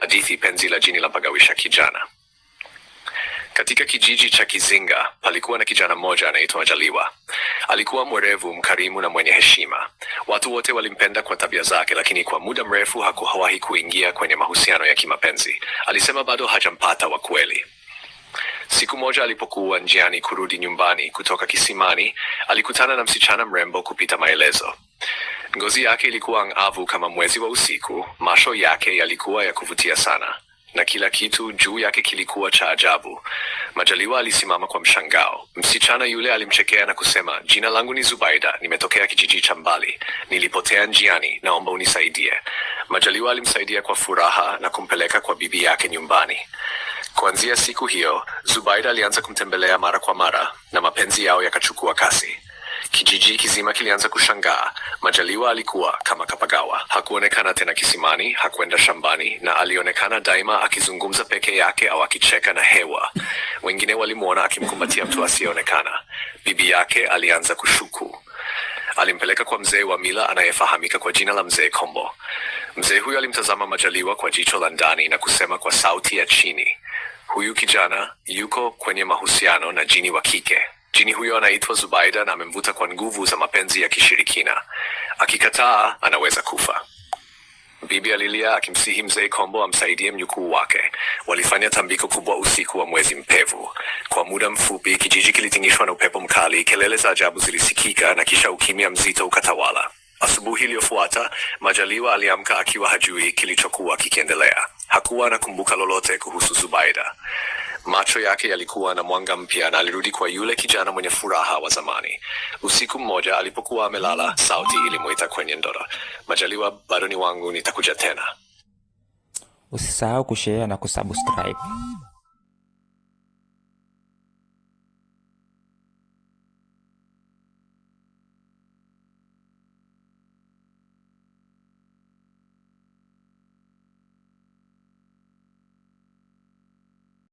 Hadithi penzi la jini la mpagawisha kijana. Katika kijiji cha Kizinga palikuwa na kijana mmoja anaitwa Majaliwa. Alikuwa mwerevu, mkarimu na mwenye heshima. Watu wote walimpenda kwa tabia zake, lakini kwa muda mrefu hakuwahi kuingia kwenye mahusiano ya kimapenzi. Alisema bado hajampata wa kweli. Siku moja alipokuwa njiani kurudi nyumbani kutoka kisimani, alikutana na msichana mrembo kupita maelezo. Ngozi yake ilikuwa ng'avu kama mwezi wa usiku, macho yake yalikuwa ya kuvutia sana, na kila kitu juu yake kilikuwa cha ajabu. Majaliwa alisimama kwa mshangao. Msichana yule alimchekea na kusema, jina langu ni Zubaida, nimetokea kijiji cha mbali, nilipotea njiani, naomba unisaidie. Majaliwa alimsaidia kwa furaha na kumpeleka kwa bibi yake nyumbani. Kuanzia siku hiyo, Zubaida alianza kumtembelea mara kwa mara na mapenzi yao yakachukua kasi. Kijiji kizima kilianza kushangaa. Majaliwa alikuwa kama Kapagawa, hakuonekana tena kisimani, hakwenda shambani, na alionekana daima akizungumza peke yake au akicheka na hewa. Wengine walimwona akimkumbatia mtu asiyeonekana. Bibi yake alianza kushuku. Alimpeleka kwa mzee wa mila anayefahamika kwa jina la Mzee Kombo. Mzee huyo alimtazama Majaliwa kwa jicho la ndani na kusema kwa sauti ya chini, huyu kijana yuko kwenye mahusiano na jini wa kike. Jini huyo anaitwa Zubaida na amemvuta kwa nguvu za mapenzi ya kishirikina. Akikataa anaweza kufa. Bibi alilia akimsihi mzee Kombo amsaidie mjukuu wake. Walifanya tambiko kubwa usiku wa mwezi mpevu. Kwa muda mfupi, kijiji kilitingishwa na upepo mkali, kelele za ajabu zilisikika na kisha ukimya mzito ukatawala. Asubuhi iliyofuata, Majaliwa aliamka akiwa hajui kilichokuwa kikiendelea. Hakuwa anakumbuka lolote kuhusu Zubaida. Macho yake yalikuwa na mwanga mpya na alirudi kwa yule kijana mwenye furaha wa zamani. Usiku mmoja alipokuwa amelala, sauti ilimwita kwenye ndoto, majaliwa bado ni wangu, nitakuja tena. Usisahau kushare na kusubscribe.